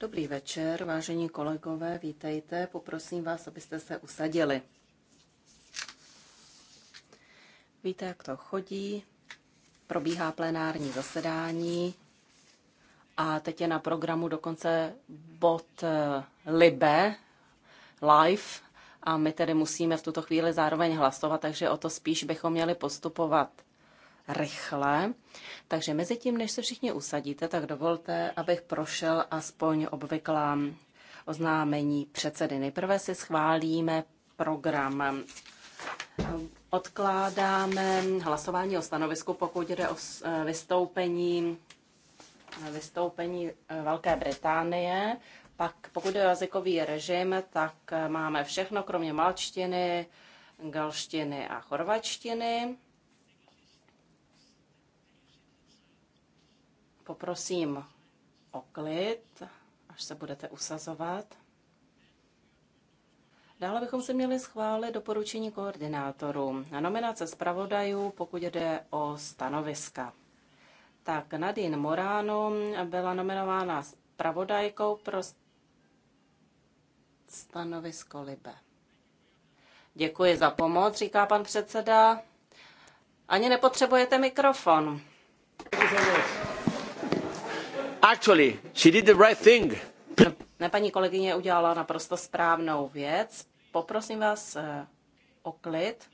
Dobrý večer, vážení kolegové, vítejte. Poprosím vás, abyste se usadili. Víte, jak to chodí. Probíhá plenární zasedání a teď je na programu dokonce bod eh, Libe live a my tedy musíme v tuto chvíli zároveň hlasovat, takže o to spíš bychom měli postupovat rychle. Takže mezi tím, než se všichni usadíte, tak dovolte, abych prošel aspoň obvyklá oznámení předsedy. Nejprve si schválíme program. Odkládáme hlasování o stanovisku, pokud jde o e, vystoupení, vystoupení e, Velké Británie. Pak pokud je jazykový režim, tak e, máme všechno, kromě malčtiny, galštiny a chorvačtiny. poprosím o klid, až se budete usazovat. Dále bychom si měli schválit doporučení koordinátorů na nominace zpravodajů, pokud jde o stanoviska. Tak Nadine Morano byla nominována zpravodajkou pro stanovisko Libe. Děkuji za pomoc, říká pan předseda. Ani nepotřebujete mikrofon. Actually, she did the right thing. Ne, paní kolegyně udělala naprosto správnou věc. Poprosím vás eh, o klid.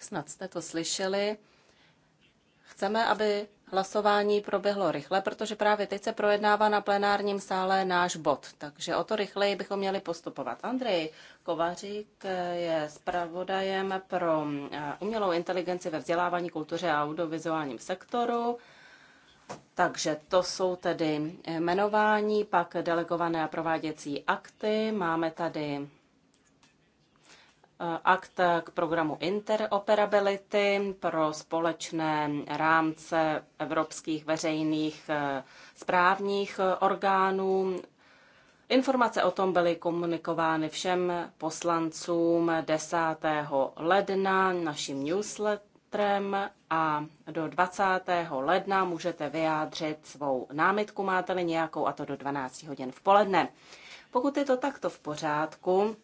Snad jste to slyšeli. Chceme, aby hlasování proběhlo rychle, protože právě teď se projednává na plenárním sále náš bod, takže o to rychleji bychom měli postupovat. Andrej Kovařík eh, je zpravodajem pro eh, umělou inteligenci ve vzdělávání, kultuře a audiovizuálním sektoru. Takže to jsou tedy jmenování, pak delegované a prováděcí akty. Máme tady eh, akt k programu interoperability pro společné rámce evropských veřejných eh, správních eh, orgánů. Informace o tom byly komunikovány všem poslancům 10. ledna naším newsletter registrem a do 20. ledna můžete vyjádřit svou námitku, máte-li nějakou, a to do 12 hodin v poledne. Pokud je to takto v pořádku,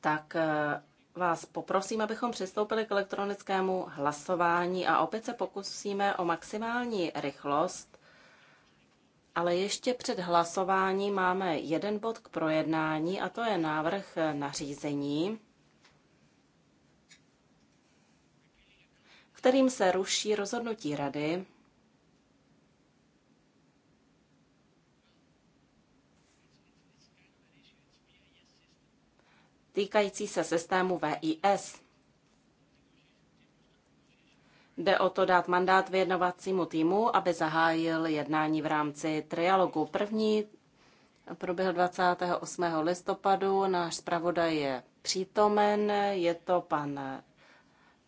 tak eh, vás poprosím, abychom přistoupili k elektronickému hlasování a opět se pokusíme o maximální rychlost, ale ještě před hlasováním máme jeden bod k projednání a to je návrh nařízení kterým se ruší rozhodnutí rady týkající se systému VIS. Jde o to dát mandát vyjednovacímu týmu, aby zahájil jednání v rámci trialogu. První proběhl 28. listopadu. Náš zpravodaj je přítomen, je to pan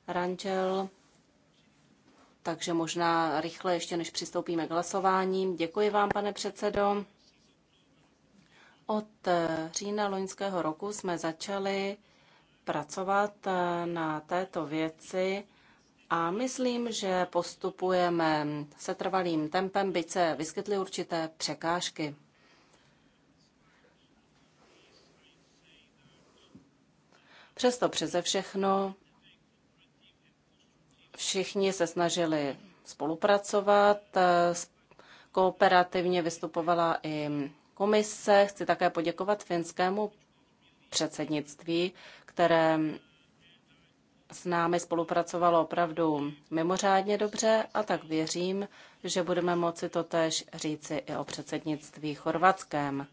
Rančel takže možná rychle ještě než přistoupíme k hlasování. Děkuji vám, pane předsedo. Od eh, října loňského roku jsme začali pracovat eh, na této věci a myslím, že postupujeme se trvalým tempem, byť se vyskytly určité překážky. Přesto přeze všechno Všichni se snažili spolupracovat, eh, kooperativně vystupovala i komise. Chci také poděkovat finskému předsednictví, které s námi spolupracovalo opravdu mimořádně dobře a tak věřím, že budeme moci to tež říci i o předsednictví chorvatském.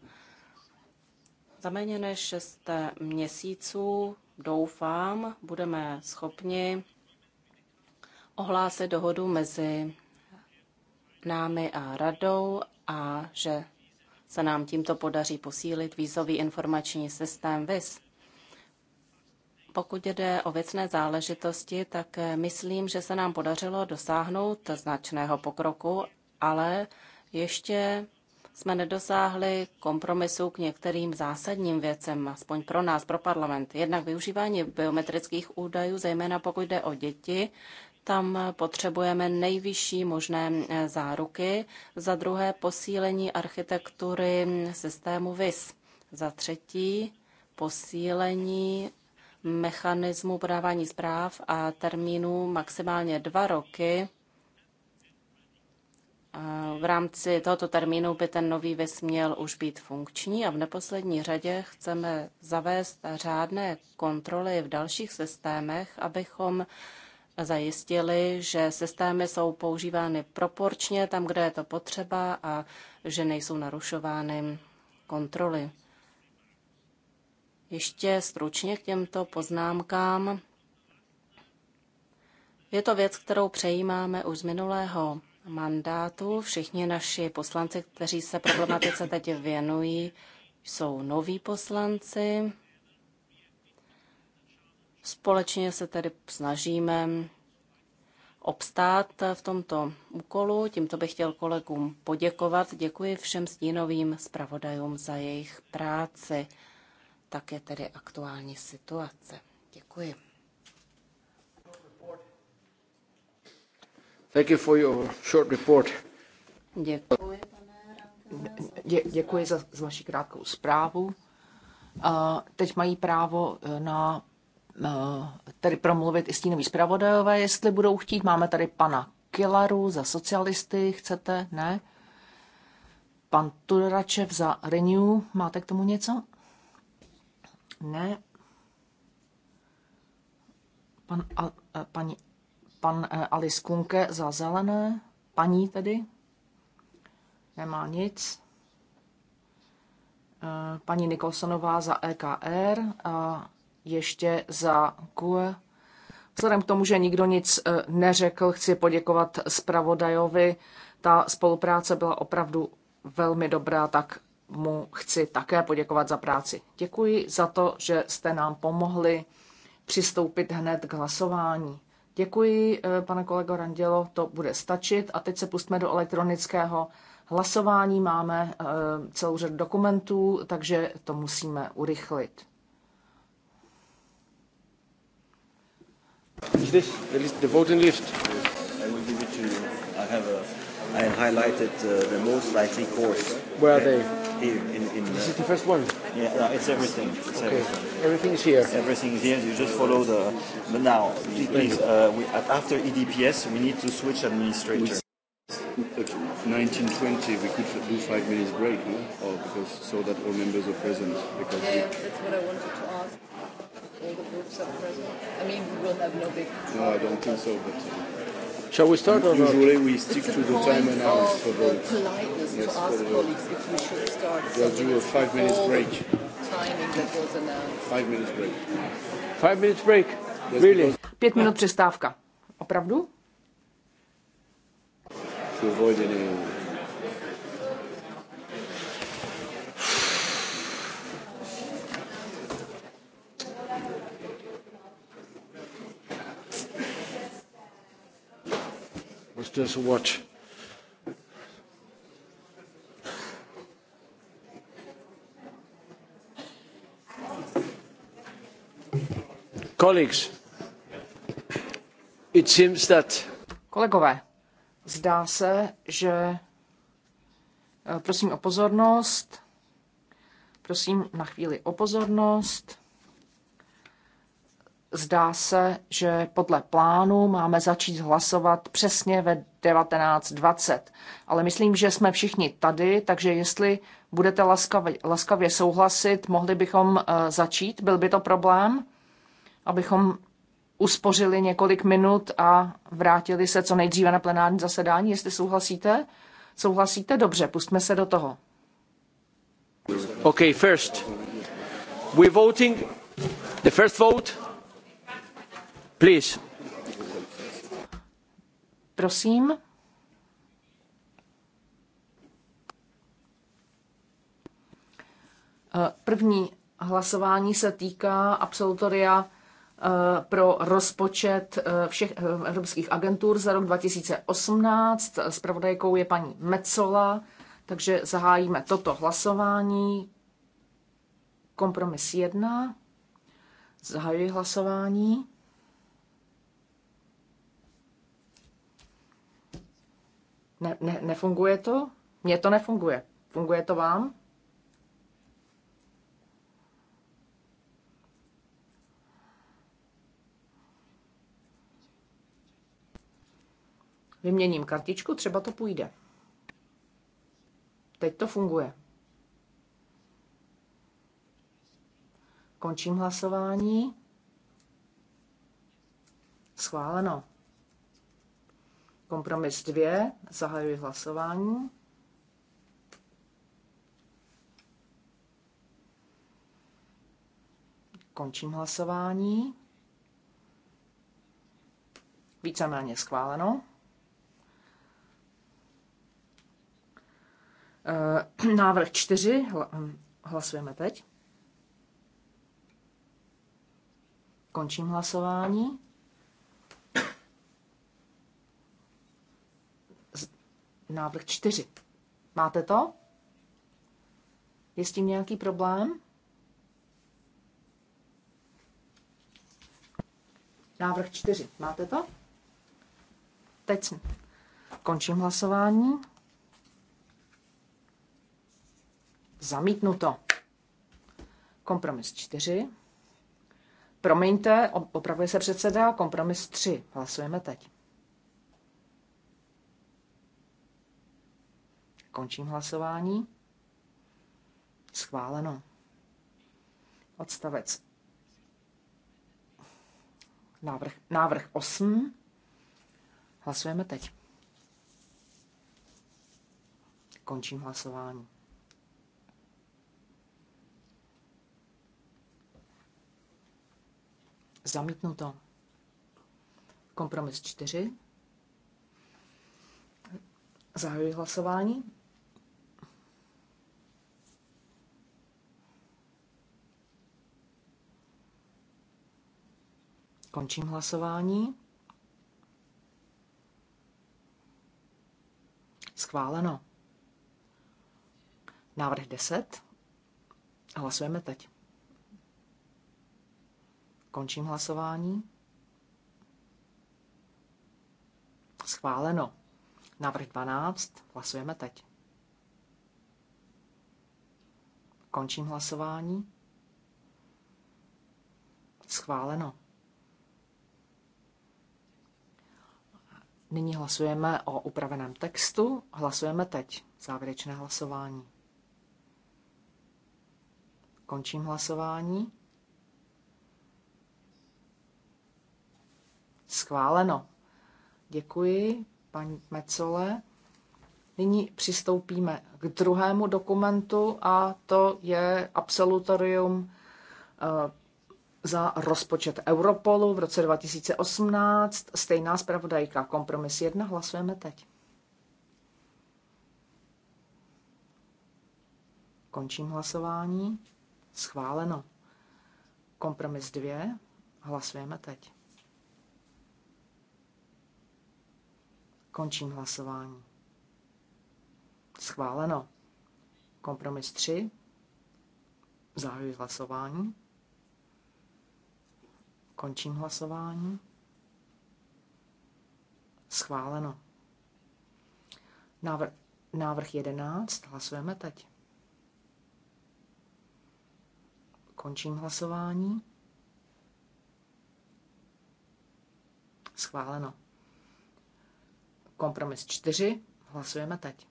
Za méně než 6 měsíců, doufám, budeme schopni ohlásit dohodu mezi námi a radou a že se nám tímto podaří posílit vízový informační systém VIS. Pokud jde o věcné záležitosti, tak eh, myslím, že se nám podařilo dosáhnout značného pokroku, ale ještě jsme nedosáhli kompromisu k některým zásadním věcem, aspoň pro nás, pro parlament. Jednak využívání biometrických údajů, zejména pokud jde o děti, tam potřebujeme nejvyšší možné eh, záruky. Za druhé posílení architektury systému VIS. Za třetí posílení mechanismu podávání zpráv a termínu maximálně dva roky. V rámci tohoto termínu by ten nový VIS měl už být funkční a v neposlední řadě chceme zavést řádné kontroly v dalších systémech, abychom zajistili, že systémy jsou používány proporčně tam, kde je to potřeba a že nejsou narušovány kontroly. Ještě stručně k těmto poznámkám. Je to věc, kterou přejímáme už z minulého mandátu. Všichni naši poslanci, kteří se problematice teď věnují, jsou noví poslanci. Společně se tedy snažíme obstát v tomto úkolu. Tímto bych chtěl kolegům poděkovat. Děkuji všem stínovým zpravodajům za jejich práci. Tak je tedy aktuální situace. Děkuji. Thank you for your short report. Děkuji, Dě, děkuji za, za vaši krátkou zprávu. Uh, teď mají právo e, na Eh, tedy promluvit i stínový zpravodajové, jestli budou chtít. Máme tady pana Kilaru za socialisty, chcete, ne? Pan Tudoračev za Renew, máte k tomu něco? Ne. Pan, a, eh, paní, pan eh, Alice Kunke za zelené, paní tedy, nemá nic. Paní Nikolsonová za EKR a ještě za QE. Vzhledem k tomu, že nikdo nic e, neřekl, chci poděkovat zpravodajovi. Ta spolupráce byla opravdu velmi dobrá, tak mu chci také poděkovat za práci. Děkuji za to, že jste nám pomohli přistoupit hned k hlasování. Děkuji, e, pane kolego Randělo, to bude stačit. A teď se pustíme do elektronického hlasování. Máme e, celou řadu dokumentů, takže to musíme urychlit. Is this the, list, the voting list? I will give it to you. I have a. I have highlighted uh, the most likely course. Where are they? Here in. in uh, this is the first one. Yeah, no, it's everything. It's okay. everything. Everything is here. Everything is here. You just follow the. But now, please, uh, we, after EDPS, we need to switch administrator. 1920 we could do five minutes break no? oh, because so that all members are present because yeah, we, that's what I wanted to ask all the groups are present? I mean, we will have no big... No, I don't think so, but... Uh, Shall we start or Usually we stick to the time hours for votes. politeness yes, to ask colleagues if we should start. do a five minutes break. Timing that was announced. Five minutes break. Five minutes break. Really? Pět minut přestávka. Opravdu? To avoid any just watch. Colleagues, it seems that... Kolegové, zdá se, že eh, prosím o pozornost. Prosím na chvíli o pozornost. Zdá se, že podle plánu máme začít hlasovat přesně ve 19.20. Ale myslím, že jsme všichni tady, takže jestli budete laskavě, laskavě souhlasit, mohli bychom eh, začít. Byl by to problém, abychom uspořili několik minut a vrátili se co nejdříve na plenární zasedání, jestli souhlasíte? Souhlasíte? Dobře, pustme se do toho. Okay, first. we voting the first vote Please. Prosím. Eh, první hlasování se týká absolutoria eh, pro rozpočet eh, všech evropských agentur za rok 2018. Spravodajkou je paní Mecola, takže zahájíme toto hlasování. Kompromis 1. Zahajuji hlasování. Ne, ne, nefunguje to? Mně to nefunguje. Funguje to vám? Vyměním kartičku, třeba to půjde. Teď to funguje. Končím hlasování. Schváleno. Kompromis 2. Zahajuji hlasování. Končím hlasování. Víceméně schváleno. Eh, návrh 4 hm, hlasujeme teď. Končím hlasování. návrh 4. Máte to? Je s tím nějaký problém? Návrh 4. Máte to? Teď končím hlasování. Zamítnuto. Kompromis 4. Promiňte, opravuje se předseda, kompromis 3. Hlasujeme teď. Končím hlasování. Schváleno. Odstavec. Návrh, návrh 8. Hlasujeme teď. Končím hlasování. Zamítnuto. Kompromis 4. Zahajuji hlasování. Končím hlasování. Schváleno. Návrh 10. Hlasujeme teď. Končím hlasování. Schváleno. Návrh 12. Hlasujeme teď. Končím hlasování. Schváleno. Nyní hlasujeme o upraveném textu. Hlasujeme teď. Závěrečné hlasování. Končím hlasování. Schváleno. Děkuji, paní Mecole. Nyní přistoupíme k druhému dokumentu a to je absolutorium eh, za rozpočet Europolu v roce 2018. Stejná zpravodajka. Kompromis 1. Hlasujeme teď. Končím hlasování. Schváleno. Kompromis 2. Hlasujeme teď. Končím hlasování. Schváleno. Kompromis 3. Zahajuji hlasování. Končím hlasování. Schváleno. Návr- návrh 11. Hlasujeme teď. Končím hlasování. Schváleno. Kompromis 4. Hlasujeme teď.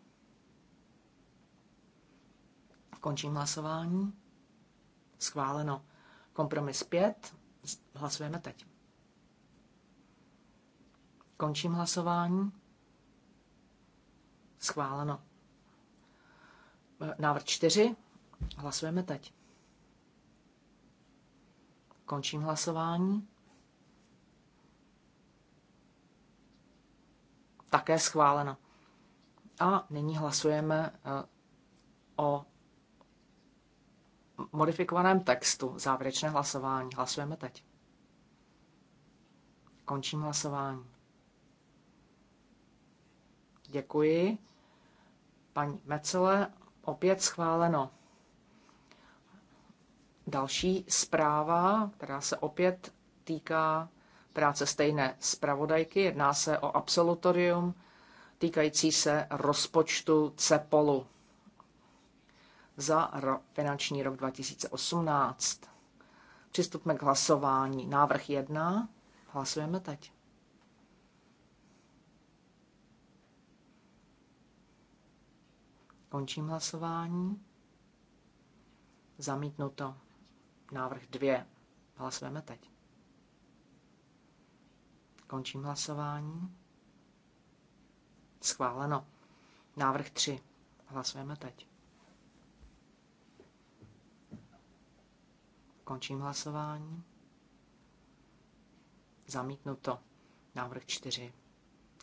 Končím hlasování. Schváleno. Kompromis 5. Hlasujeme teď. Končím hlasování. Schváleno. E, návrh čtyři. Hlasujeme teď. Končím hlasování. Také schváleno. A nyní hlasujeme e, o modifikovaném textu závěrečné hlasování. Hlasujeme teď. Končím hlasování. Děkuji. Paní Mecele, opět schváleno. Další zpráva, která se opět týká práce stejné zpravodajky, jedná se o absolutorium týkající se rozpočtu CEPOLu za ro- finanční rok 2018. Přistupme k hlasování. Návrh 1. Hlasujeme teď. Končím hlasování. Zamítnuto. Návrh 2. Hlasujeme teď. Končím hlasování. Schváleno. Návrh 3. Hlasujeme teď. Končím hlasování. Zamítnuto. Návrh 4.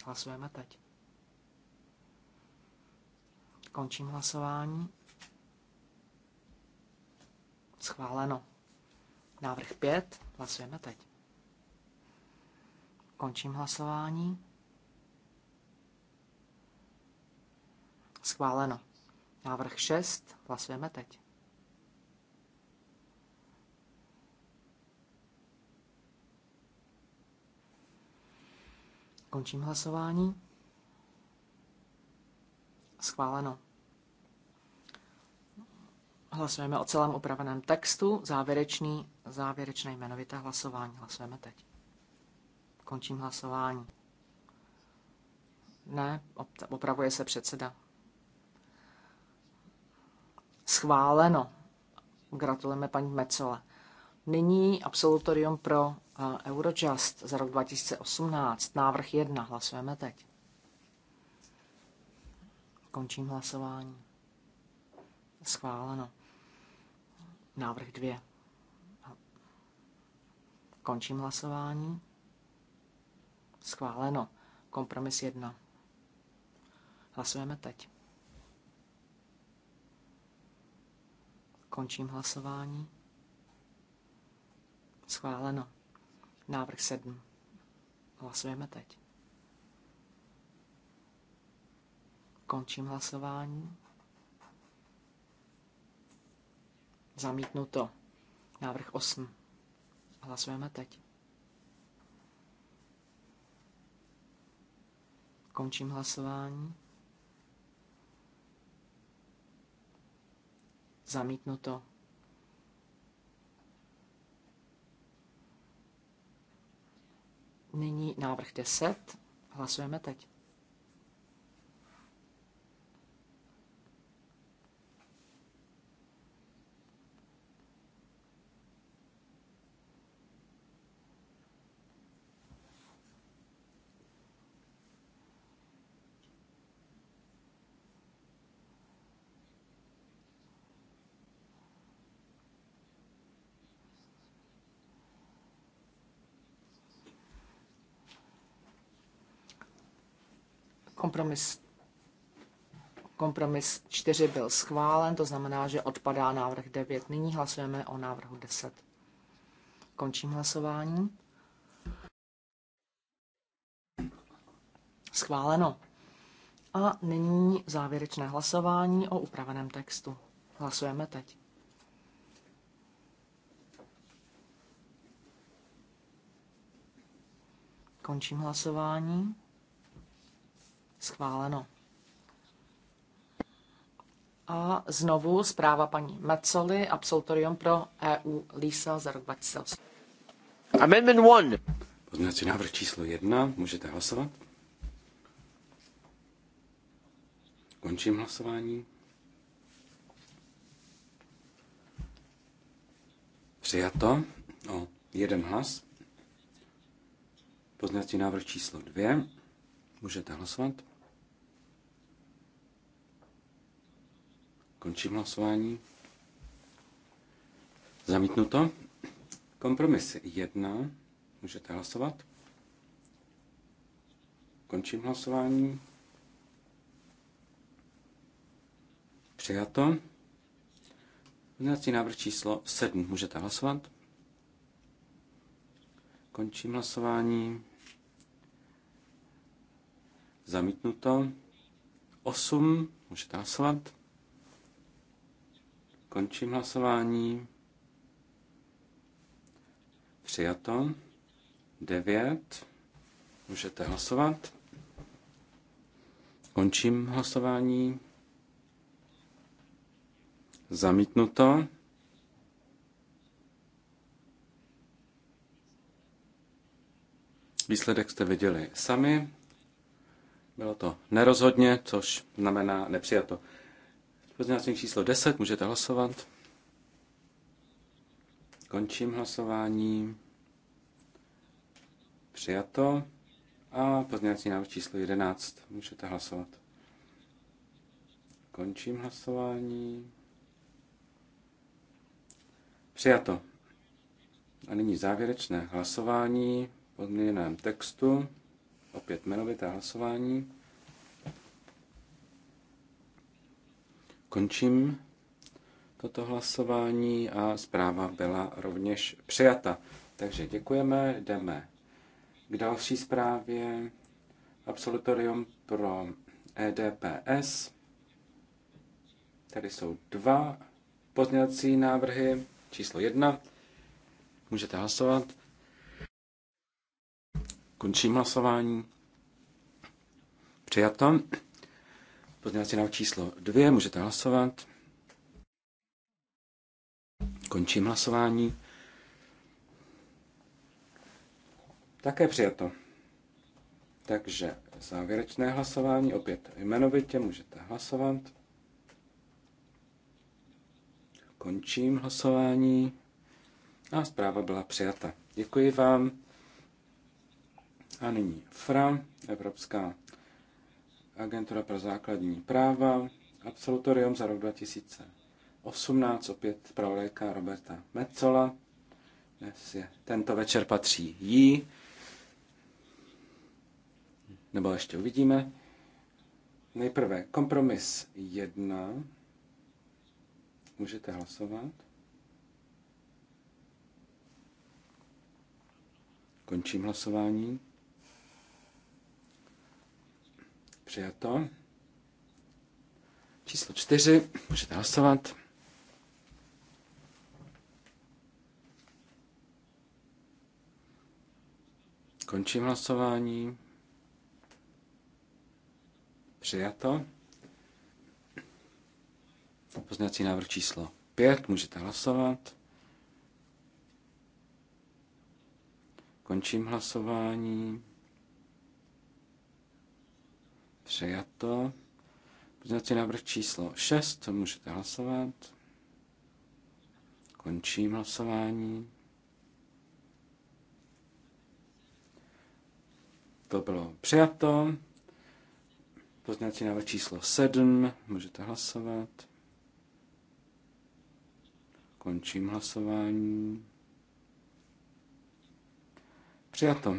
Hlasujeme teď. Končím hlasování. Schváleno. Návrh 5. Hlasujeme teď. Končím hlasování. Schváleno. Návrh 6. Hlasujeme teď. Končím hlasování. Schváleno. Hlasujeme o celém upraveném textu. Závěrečný, závěrečné jmenovité hlasování. Hlasujeme teď. Končím hlasování. Ne, opravuje se předseda. Schváleno. Gratulujeme paní Mecole. Nyní absolutorium pro Eurojust za rok 2018. Návrh 1. Hlasujeme teď. Končím hlasování. Schváleno. Návrh 2. Končím hlasování. Schváleno. Kompromis 1. Hlasujeme teď. Končím hlasování. Schváleno. Návrh 7. Hlasujeme teď. Končím hlasování. Zamítnuto. Návrh 8. Hlasujeme teď. Končím hlasování. Zamítnuto. Nyní návrh 10. Hlasujeme teď. Kompromis, kompromis 4 byl schválen, to znamená, že odpadá návrh 9. Nyní hlasujeme o návrhu 10. Končím hlasování. Schváleno. A nyní závěrečné hlasování o upraveném textu. Hlasujeme teď. Končím hlasování. Schváleno. A znovu zpráva paní Mecoli, absolutorium pro EU LISA za rok 2008. Amendment 1. Pozměňovací návrh číslo 1. Můžete hlasovat. Končím hlasování. Přijato o jeden hlas. Pozměňovací návrh číslo 2. Můžete hlasovat. Končím hlasování. Zamítnuto. Kompromis 1. Můžete hlasovat. Končím hlasování. Přijato. Pozměňovací návrh číslo 7. Můžete hlasovat. Končím hlasování. Zamítnuto. 8. Můžete hlasovat. Končím hlasování. Přijato. 9. Můžete hlasovat. Končím hlasování. Zamítnuto. Výsledek jste viděli sami. Bylo to nerozhodně, což znamená nepřijato. Pozměňovací číslo 10, můžete hlasovat. Končím hlasování. Přijato. A pozměňovací návrh číslo 11, můžete hlasovat. Končím hlasování. Přijato. A nyní závěrečné hlasování o textu. Opět jmenovité hlasování. Končím toto hlasování a zpráva byla rovněž přijata. Takže děkujeme, jdeme k další zprávě. Absolutorium pro EDPS. Tady jsou dva pozměňovací návrhy. Číslo jedna. Můžete hlasovat. Končím hlasování. Přijato. Pozměňovací návrh číslo 2, můžete hlasovat. Končím hlasování. Také přijato. Takže závěrečné hlasování, opět jmenovitě můžete hlasovat. Končím hlasování a zpráva byla přijata. Děkuji vám. A nyní FRA, Evropská Agentura pro základní práva, absolutorium za rok 2018, opět pravodajka Roberta Metzola. Dnes je, tento večer patří jí, nebo ještě uvidíme. Nejprve kompromis 1. Můžete hlasovat. Končím hlasování. Přijato. Číslo čtyři. Můžete hlasovat. Končím hlasování. Přijato. Pozněcí návrh číslo 5. Můžete hlasovat. Končím hlasování. Přijato. Pozměňovací návrh číslo 6, to můžete hlasovat. Končím hlasování. To bylo přijato. Pozměňovací návrh číslo 7, můžete hlasovat. Končím hlasování. Přijato.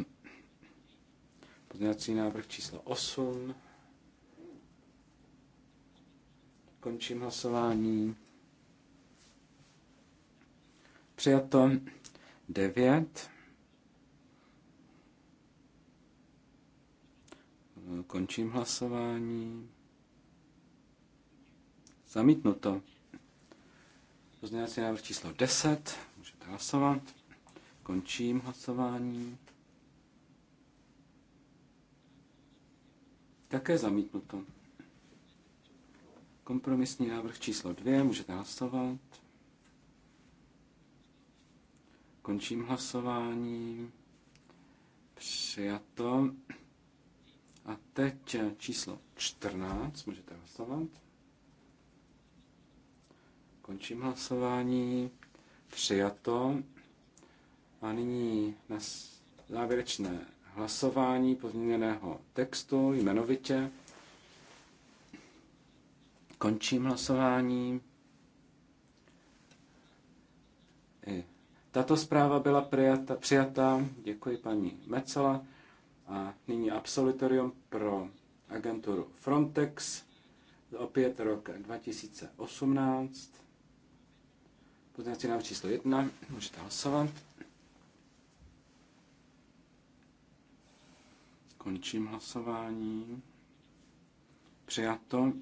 Pozměňovací návrh číslo 8. Končím hlasování. Přijato 9. Končím hlasování. Zamítnuto. Pozměňovací návrh číslo 10. Můžete hlasovat. Končím hlasování. Také zamítnuto. Kompromisní návrh číslo dvě můžete hlasovat. Končím hlasování. Přijato. A teď číslo 14, můžete hlasovat. Končím hlasování. Přijato. A nyní na závěrečné hlasování pozměněného textu jmenovitě. Končím hlasování. I tato zpráva byla přijata, přijata. Děkuji paní Mecela. A nyní absolutorium pro agenturu Frontex. Opět rok 2018. Pozměňovací nám číslo jedna. Můžete hlasovat. Končím hlasování. Přijato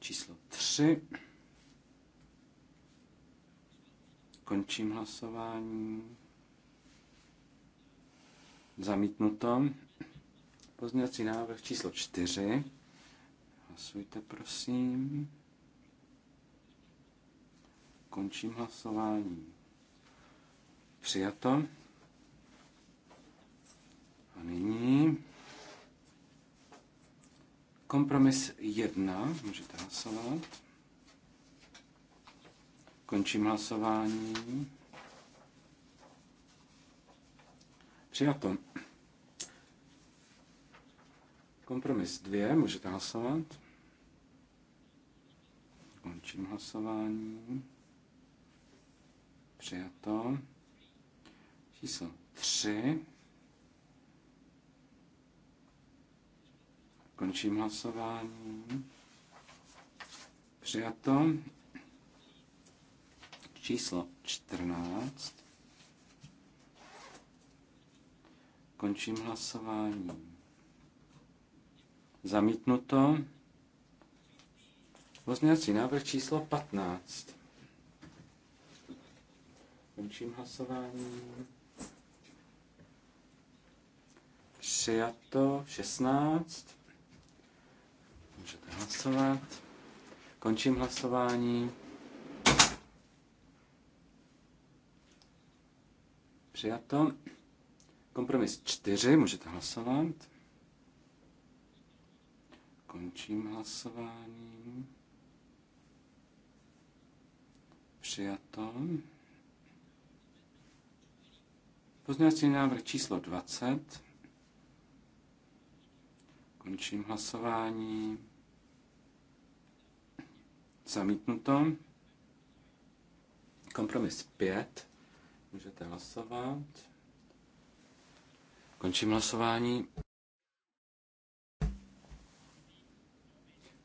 číslo 3. Končím hlasování. Zamítnuto. Pozměňovací návrh číslo 4. Hlasujte, prosím. Končím hlasování. Přijato. A nyní Kompromis 1, můžete hlasovat. Končím hlasování. Přijato. Kompromis 2, můžete hlasovat. Končím hlasování. Přijato. Číslo 3. Končím hlasování. Přijato. Číslo 14. Končím hlasování. Zamítnuto. Pozměňovací návrh číslo 15. Končím hlasování. Přijato 16 hlasovat. Končím hlasování. Přijato. Kompromis 4, můžete hlasovat. Končím hlasování. Přijato. Pozměňovací návrh číslo 20. Končím hlasování. Zamítnuto. Kompromis 5. Můžete hlasovat. Končím hlasování.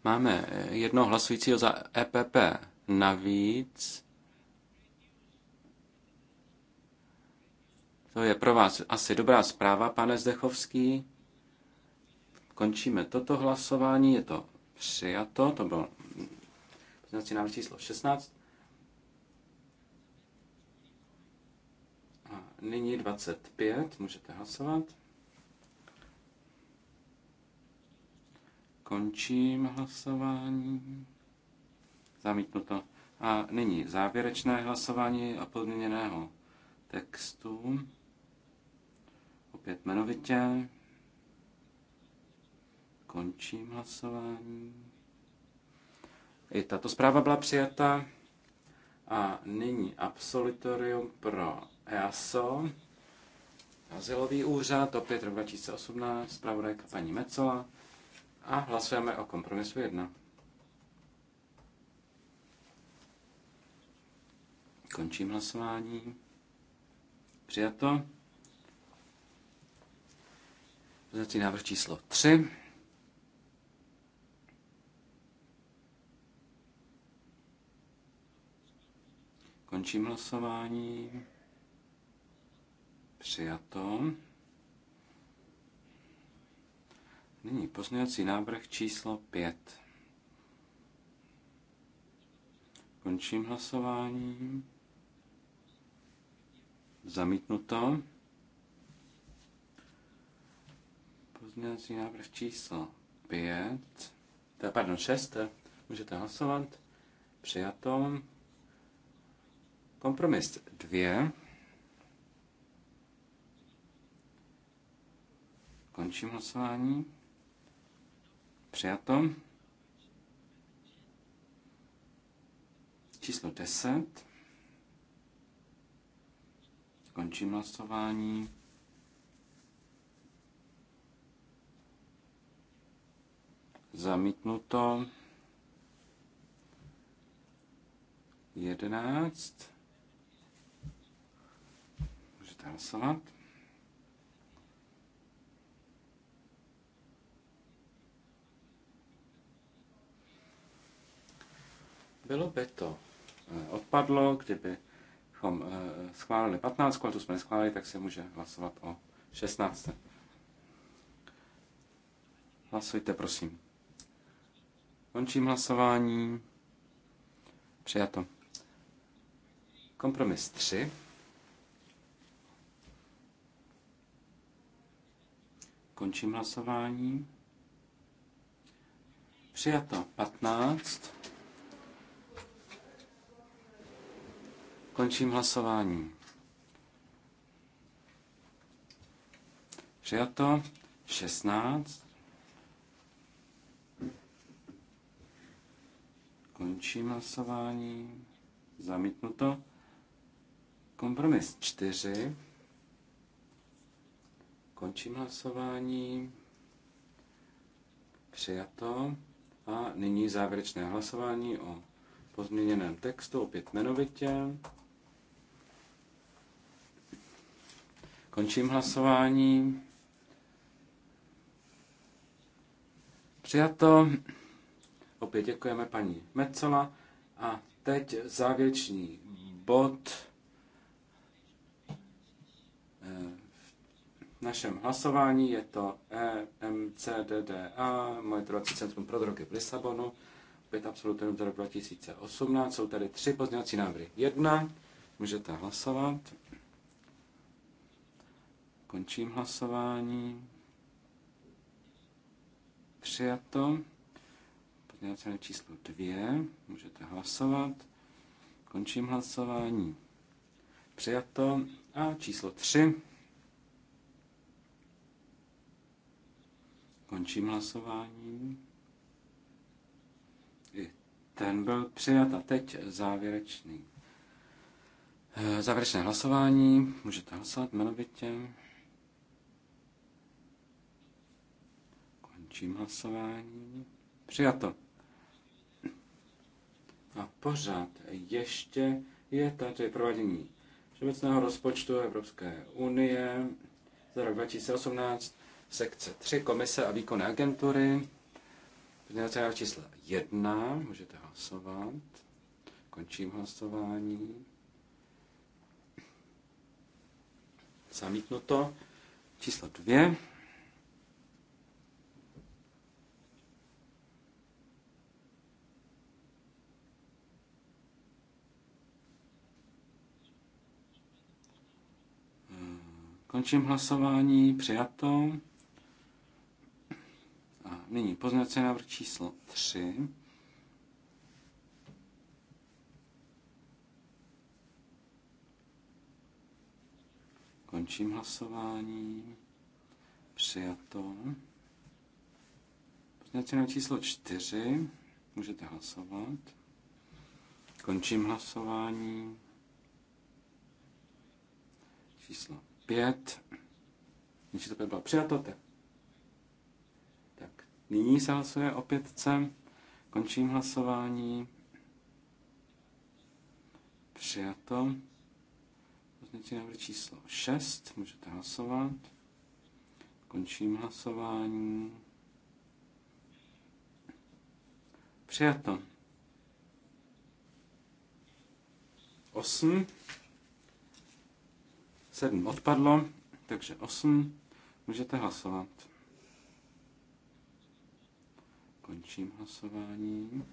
Máme jednoho hlasujícího za EPP navíc. To je pro vás asi dobrá zpráva, pane Zdechovský. Končíme toto hlasování, je to přijato, to bylo Pozměňovací návrh číslo 16. A nyní 25, můžete hlasovat. Končím hlasování. Zamítnuto. A nyní závěrečné hlasování a podměněného textu. Opět jmenovitě. Končím hlasování. I tato zpráva byla přijata a nyní absolutorium pro EASO. Azylový úřad, opět rok 2018, zpravodajka paní Mecola. A hlasujeme o kompromisu 1. Končím hlasování. Přijato. Poznací návrh číslo 3. Končím hlasování. Přijato. Nyní pozměňovací návrh číslo 5. Končím hlasování. Zamítnuto. Pozměňovací návrh číslo 5. Eh, pardon, 6. Eh, můžete hlasovat. Přijato. Kompromis 2. Končím hlasování. Přijato. Číslo 10. Končím hlasování. Zamítnuto. 11. Můžete Bylo by to eh, odpadlo, kdybychom eh, schválili 15, ale to jsme neschválili, tak se může hlasovat o 16. Hlasujte, prosím. Končím hlasování. Přijato. Kompromis 3. Končím hlasování. Přijato 15. Končím hlasování. Přijato 16. Končím hlasování. Zamítnuto. Kompromis 4. Končím hlasování. Přijato. A nyní závěrečné hlasování o pozměněném textu, opět jmenovitě. Končím hlasování. Přijato. Opět děkujeme paní Mecola. A teď závěrečný bod. našem hlasování. Je to EMCDDA, monitorovací centrum pro drogy v Lisabonu, opět absolutorium za rok 2018. Jsou tady tři pozměňovací návrhy. Jedna, můžete hlasovat. Končím hlasování. Přijato. Pozměňovací návrh číslo dvě, můžete hlasovat. Končím hlasování. Přijato. A číslo tři. Končím hlasování. I ten byl přijat a teď závěrečný. Eh, závěrečné hlasování. Můžete hlasovat jmenovitě. Končím hlasování. Přijato. A pořád ještě je tady provádění všeobecného rozpočtu Evropské unie za rok 2018 sekce 3, komise a výkony agentury. Pozměňovací návrh číslo 1, můžete hlasovat. Končím hlasování. Zamítnuto. Číslo 2. Končím hlasování, přijato. Nyní pozměňovací návrh číslo 3. Končím hlasování. Přijato. Pozměňovací návrh číslo 4. Můžete hlasovat. Končím hlasování. Číslo 5. Nyní to bylo přijato, tak Nyní se hlasuje o pětce. Končím hlasování. Přijato. Pozměňovací návrh číslo 6. Můžete hlasovat. Končím hlasování. Přijato. 8. 7 odpadlo, takže 8. Můžete hlasovat. Končím hlasování.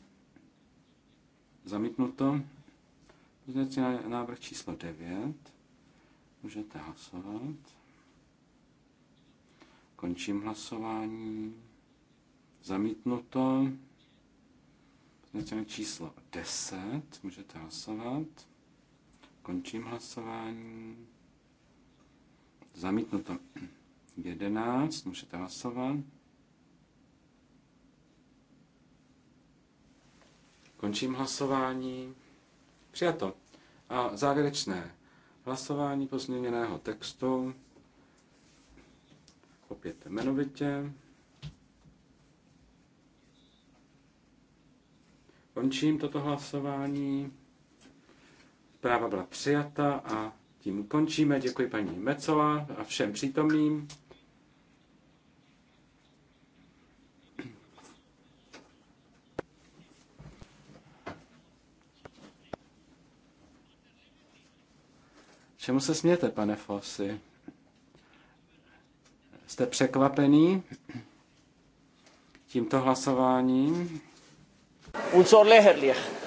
Zamítnuto. Pozměňovací návrh číslo 9. Můžete hlasovat. Končím hlasování. Zamítnuto. Pozměňovací číslo 10. Můžete hlasovat. Končím hlasování. Zamítnuto. 11. Můžete hlasovat. Končím hlasování. Přijato. A závěrečné hlasování pozměněného textu. Opět jmenovitě. Končím toto hlasování. Práva byla přijata a tím končíme. Děkuji paní Mecola a všem přítomným. Čemu se směte, pane Fossi? Jste překvapený tímto hlasováním? Unser Lehrlich.